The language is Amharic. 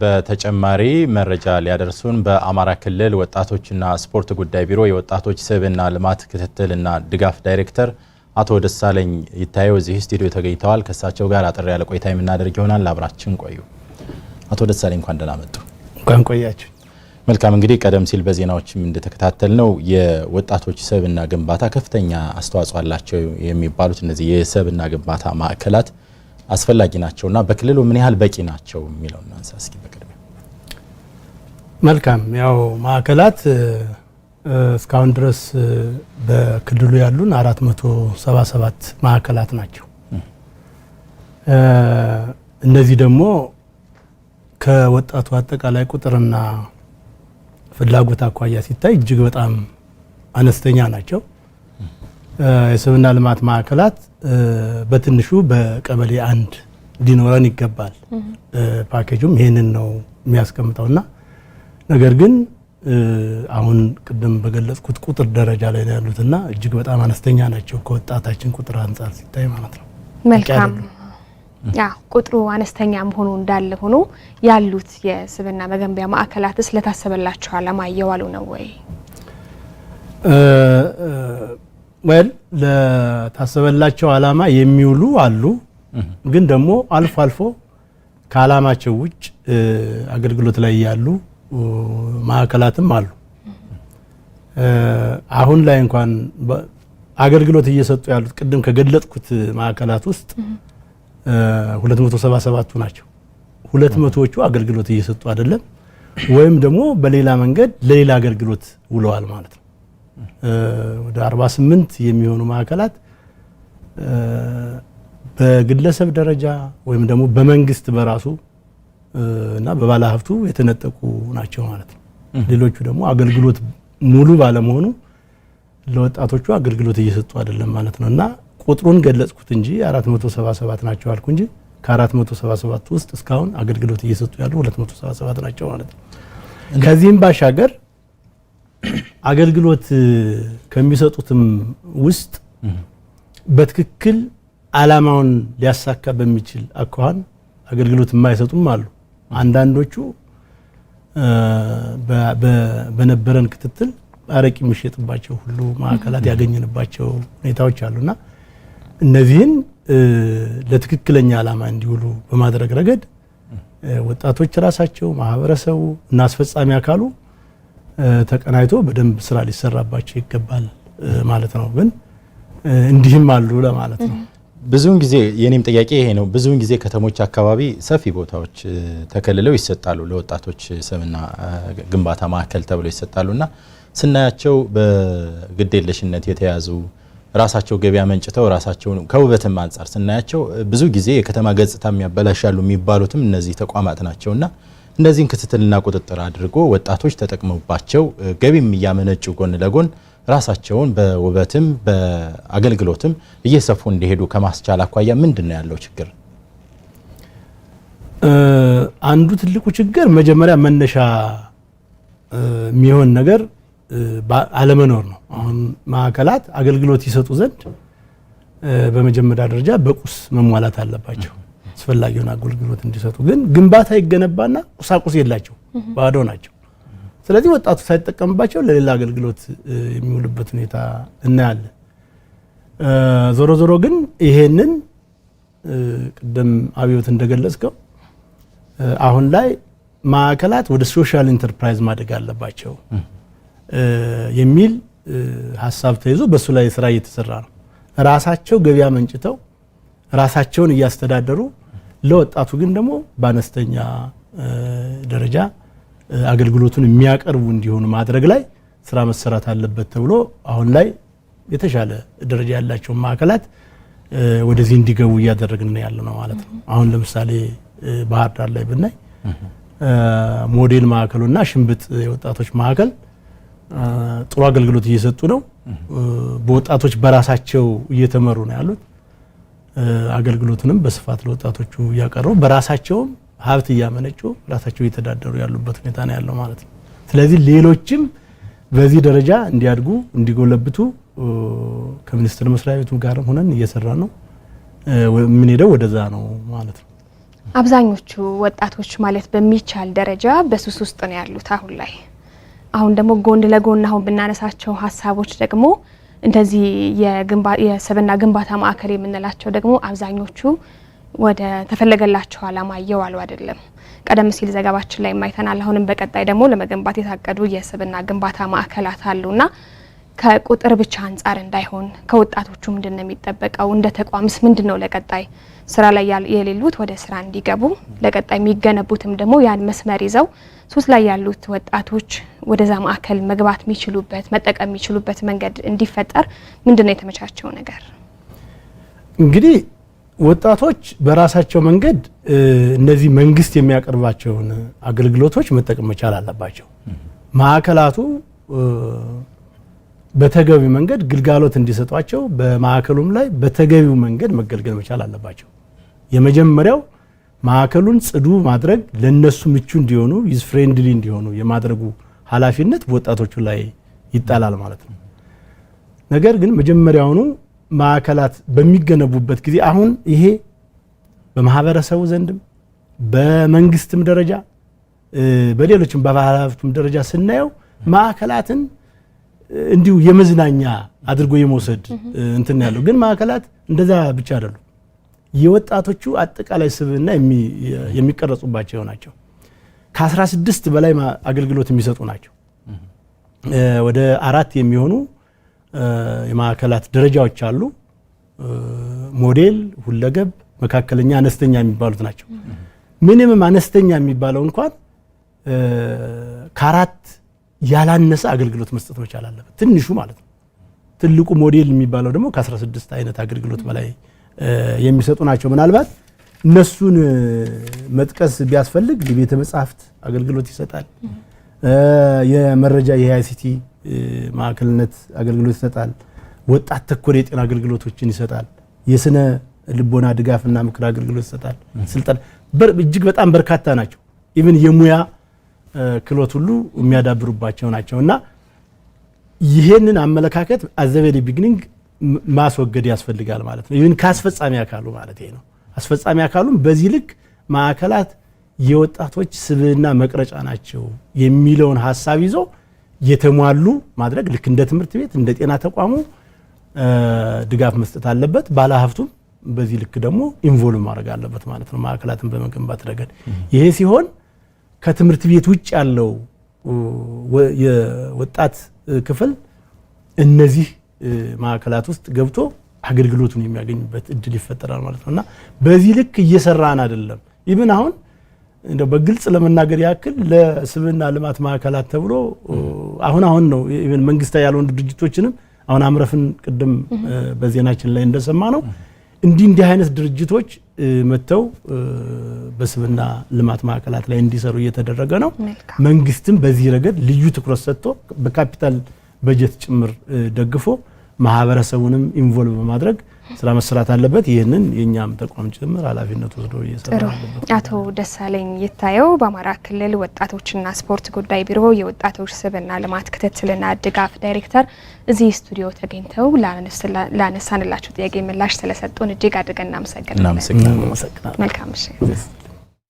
በተጨማሪ መረጃ ሊያደርሱን በአማራ ክልል ወጣቶችና ስፖርት ጉዳይ ቢሮ የወጣቶች ስብዕና ልማት ክትትልና ድጋፍ ዳይሬክተር አቶ ደሳለኝ ይታየው እዚህ ስቱዲዮ ተገኝተዋል። ከእሳቸው ጋር አጠር ያለ ቆይታ የምናደርግ ይሆናል። አብራችን ቆዩ። አቶ ደሳለኝ እንኳን ደህና መጡ። እንኳን ቆያችሁ። መልካም እንግዲህ ቀደም ሲል በዜናዎችም እንደተከታተል ነው የወጣቶች ሰብዕና ግንባታ ከፍተኛ አስተዋጽኦ አላቸው የሚባሉት እነዚህ የሰብዕና ግንባታ ማዕከላት አስፈላጊ ናቸው እና በክልሉ ምን ያህል በቂ ናቸው የሚለው እናንሳ እስኪ። በቅድሚያ መልካም ያው ማዕከላት እስካሁን ድረስ በክልሉ ያሉን 477 ማዕከላት ናቸው። እነዚህ ደግሞ ከወጣቱ አጠቃላይ ቁጥርና ፍላጎት አኳያ ሲታይ እጅግ በጣም አነስተኛ ናቸው። የስምና ልማት ማዕከላት በትንሹ በቀበሌ አንድ ሊኖረን ይገባል። ፓኬጁም ይሄንን ነው የሚያስቀምጠው እና ነገር ግን አሁን ቅድም በገለጽኩት ቁጥር ደረጃ ላይ ያሉትና እጅግ በጣም አነስተኛ ናቸው ከወጣታችን ቁጥር አንጻር ሲታይ ማለት ነው። መልካም ያ ቁጥሩ አነስተኛ መሆኑ እንዳለ ሆኖ ያሉት የስብና መገንቢያ ማዕከላትስ ለታሰበላቸው አላማ እየዋሉ ነው ወይ? ወል ለታሰበላቸው አላማ የሚውሉ አሉ። ግን ደግሞ አልፎ አልፎ ከአላማቸው ውጭ አገልግሎት ላይ ያሉ ማዕከላትም አሉ። አሁን ላይ እንኳን አገልግሎት እየሰጡ ያሉት ቅድም ከገለጥኩት ማዕከላት ውስጥ 277ቱ ናቸው። ሁለት መቶዎቹ አገልግሎት እየሰጡ አይደለም፣ ወይም ደግሞ በሌላ መንገድ ለሌላ አገልግሎት ውለዋል ማለት ነው። ወደ 48 የሚሆኑ ማዕከላት በግለሰብ ደረጃ ወይም ደግሞ በመንግስት በራሱ እና በባለሀብቱ የተነጠቁ ናቸው ማለት ነው። ሌሎቹ ደግሞ አገልግሎት ሙሉ ባለመሆኑ ለወጣቶቹ አገልግሎት እየሰጡ አይደለም ማለት ነው እና ቁጥሩን ገለጽኩት እንጂ 477 ናቸው አልኩ እንጂ ከ477 ውስጥ እስካሁን አገልግሎት እየሰጡ ያሉ 277 ናቸው ማለት ነው። ከዚህም ባሻገር አገልግሎት ከሚሰጡትም ውስጥ በትክክል አላማውን ሊያሳካ በሚችል አኳኋን አገልግሎት የማይሰጡም አሉ። አንዳንዶቹ በነበረን ክትትል አረቂ የሚሸጥባቸው ሁሉ ማዕከላት ያገኘንባቸው ሁኔታዎች አሉና እነዚህን ለትክክለኛ ዓላማ እንዲውሉ በማድረግ ረገድ ወጣቶች ራሳቸው፣ ማህበረሰቡ እና አስፈጻሚ አካሉ ተቀናይቶ በደንብ ስራ ሊሰራባቸው ይገባል ማለት ነው። ግን እንዲህም አሉ ለማለት ነው። ብዙውን ጊዜ የኔም ጥያቄ ይሄ ነው። ብዙውን ጊዜ ከተሞች አካባቢ ሰፊ ቦታዎች ተከልለው ይሰጣሉ ለወጣቶች ስምና ግንባታ ማዕከል ተብለው ይሰጣሉ እና ስናያቸው በግዴለሽነት የተያዙ ራሳቸው ገበያ መንጭተው ራሳቸው ከውበትም አንጻር ስናያቸው ብዙ ጊዜ የከተማ ገጽታ የሚያበላሻሉ የሚባሉትም እነዚህ ተቋማት እና እነዚህን ክትትልና ቁጥጥር አድርጎ ወጣቶች ተጠቅመባቸው ገቢም እያመነጩ ጎን ለጎን ራሳቸውን በውበትም በአገልግሎትም እየሰፉ እንዲሄዱ ከማስቻል አኳያ ምንድን ነው ያለው ችግር? አንዱ ትልቁ ችግር መጀመሪያ መነሻ የሚሆን ነገር አለመኖር ነው። አሁን ማዕከላት አገልግሎት ይሰጡ ዘንድ በመጀመሪያ ደረጃ በቁስ መሟላት አለባቸው። አስፈላጊውን አገልግሎት እንዲሰጡ ግን ግንባታ ይገነባና ቁሳቁስ የላቸው ባዶ ናቸው። ስለዚህ ወጣቱ ሳይጠቀምባቸው ለሌላ አገልግሎት የሚውልበት ሁኔታ እናያለን። ዞሮ ዞሮ ግን ይሄንን ቅድም አብዮት እንደገለጽከው አሁን ላይ ማዕከላት ወደ ሶሻል ኢንተርፕራይዝ ማደግ አለባቸው የሚል ሀሳብ ተይዞ በእሱ ላይ ስራ እየተሰራ ነው። ራሳቸው ገቢ መንጭተው ራሳቸውን እያስተዳደሩ ለወጣቱ ግን ደግሞ በአነስተኛ ደረጃ አገልግሎቱን የሚያቀርቡ እንዲሆኑ ማድረግ ላይ ስራ መሰራት አለበት ተብሎ አሁን ላይ የተሻለ ደረጃ ያላቸውን ማዕከላት ወደዚህ እንዲገቡ እያደረግን ያለ ነው ማለት ነው። አሁን ለምሳሌ ባህር ዳር ላይ ብናይ ሞዴል ማዕከሉና ሽንብጥ የወጣቶች ማዕከል ጥሩ አገልግሎት እየሰጡ ነው። በወጣቶች በራሳቸው እየተመሩ ነው ያሉት። አገልግሎቱንም በስፋት ለወጣቶቹ እያቀረቡ በራሳቸውም ሀብት እያመነጩ ራሳቸው እየተዳደሩ ያሉበት ሁኔታ ነው ያለው ማለት ነው። ስለዚህ ሌሎችም በዚህ ደረጃ እንዲያድጉ እንዲጎለብቱ ከሚኒስቴር መስሪያ ቤቱ ጋርም ሆነን እየሰራ ነው የምንሄደው ወደዛ ነው ማለት ነው። አብዛኞቹ ወጣቶች ማለት በሚቻል ደረጃ በሱስ ውስጥ ነው ያሉት አሁን ላይ። አሁን ደግሞ ጎን ለጎን አሁን ብናነሳቸው ሀሳቦች ደግሞ እንደዚህ የስብዕና ግንባታ ማዕከል የምንላቸው ደግሞ አብዛኞቹ ወደ ተፈለገላቸው ዓላማ እየዋሉ አይደለም። ቀደም ሲል ዘገባችን ላይ ማይተናል። አሁንም በቀጣይ ደግሞ ለመገንባት የታቀዱ የስብና ግንባታ ማዕከላት አሉና ከቁጥር ብቻ አንጻር እንዳይሆን ከወጣቶቹ ምንድን ነው የሚጠበቀው? እንደ ተቋምስ ምንድን ነው ለቀጣይ ስራ ላይ የሌሉት ወደ ስራ እንዲገቡ ለቀጣይ የሚገነቡትም ደግሞ ያን መስመር ይዘው ሱስ ላይ ያሉት ወጣቶች ወደዛ ማዕከል መግባት የሚችሉበት መጠቀም የሚችሉበት መንገድ እንዲፈጠር ምንድን ነው የተመቻቸው ነገር? እንግዲህ ወጣቶች በራሳቸው መንገድ እነዚህ መንግስት የሚያቀርባቸውን አገልግሎቶች መጠቀም መቻል አለባቸው። ማዕከላቱ በተገቢ መንገድ ግልጋሎት እንዲሰጧቸው በማዕከሉም ላይ በተገቢው መንገድ መገልገል መቻል አለባቸው። የመጀመሪያው ማዕከሉን ጽዱ ማድረግ ለነሱ ምቹ እንዲሆኑ ዩዝ ፍሬንድሊ እንዲሆኑ የማድረጉ ኃላፊነት ወጣቶቹ ላይ ይጣላል ማለት ነው። ነገር ግን መጀመሪያውኑ ማዕከላት በሚገነቡበት ጊዜ አሁን ይሄ በማህበረሰቡ ዘንድም በመንግስትም ደረጃ በሌሎችም በባህል ደረጃ ስናየው ማዕከላትን እንዲሁ የመዝናኛ አድርጎ የመውሰድ እንትን ያለው ግን ማዕከላት እንደዛ ብቻ አይደሉም። የወጣቶቹ አጠቃላይ ስብዕና የሚቀረጹባቸው ናቸው። ከ16 በላይ አገልግሎት የሚሰጡ ናቸው። ወደ አራት የሚሆኑ የማዕከላት ደረጃዎች አሉ። ሞዴል፣ ሁለገብ፣ መካከለኛ፣ አነስተኛ የሚባሉት ናቸው። ሚኒመም አነስተኛ የሚባለው እንኳን ከአራት ያላነሰ አገልግሎት መስጠት መቻል አለበት። ትንሹ ማለት ነው። ትልቁ ሞዴል የሚባለው ደግሞ ከ16 አይነት አገልግሎት በላይ የሚሰጡ ናቸው። ምናልባት እነሱን መጥቀስ ቢያስፈልግ የቤተ መጻሕፍት አገልግሎት ይሰጣል። የመረጃ የአይሲቲ ማዕከልነት አገልግሎት ይሰጣል። ወጣት ተኮር የጤና አገልግሎቶችን ይሰጣል። የስነ ልቦና ድጋፍና ምክር አገልግሎት ይሰጣል። ስልጠና እጅግ በጣም በርካታ ናቸው። ኢቭን የሙያ ክሎት ሁሉ የሚያዳብሩባቸው ናቸው እና ይሄንን አመለካከት አዘበዴ ቢግኒንግ ማስወገድ ያስፈልጋል ማለት ነው። ይህን ከአስፈጻሚ አካሉ ማለት ነው። አስፈጻሚ አካሉም በዚህ ልክ ማዕከላት የወጣቶች ስብዕና መቅረጫ ናቸው የሚለውን ሀሳብ ይዞ የተሟሉ ማድረግ ልክ እንደ ትምህርት ቤት እንደ ጤና ተቋሙ ድጋፍ መስጠት አለበት። ባለሀብቱም በዚህ ልክ ደግሞ ኢንቮልቭ ማድረግ አለበት ማለት ነው ማዕከላትን በመገንባት ረገድ ይሄ ሲሆን ከትምህርት ቤት ውጭ ያለው የወጣት ክፍል እነዚህ ማዕከላት ውስጥ ገብቶ አገልግሎቱን የሚያገኝበት እድል ይፈጠራል ማለት ነው እና በዚህ ልክ እየሰራን አይደለም። ይብን አሁን እንደው በግልጽ ለመናገር ያክል ለስብና ልማት ማዕከላት ተብሎ አሁን አሁን ነው ይብን መንግስታዊ ያልሆኑ ድርጅቶችንም አሁን አምረፍን ቅድም በዜናችን ላይ እንደሰማ ነው እንዲህ እንዲህ አይነት ድርጅቶች መጥተው በስብና ልማት ማዕከላት ላይ እንዲሰሩ እየተደረገ ነው። መንግስትም በዚህ ረገድ ልዩ ትኩረት ሰጥቶ በካፒታል በጀት ጭምር ደግፎ ማህበረሰቡንም ኢንቮልቭ በማድረግ ስራ መሰራት አለበት። ይህንን የእኛም ተቋም ጭምር ኃላፊነት ወስዶ እየሰራ አቶ ደሳለኝ ይታየው በአማራ ክልል ወጣቶችና ስፖርት ጉዳይ ቢሮ የወጣቶች ስብና ልማት ክትትልና ድጋፍ ዳይሬክተር እዚህ ስቱዲዮ ተገኝተው ላነሳንላቸው ጥያቄ ምላሽ ስለሰጡን እጅግ አድርገን እናመሰግናለን። መልካም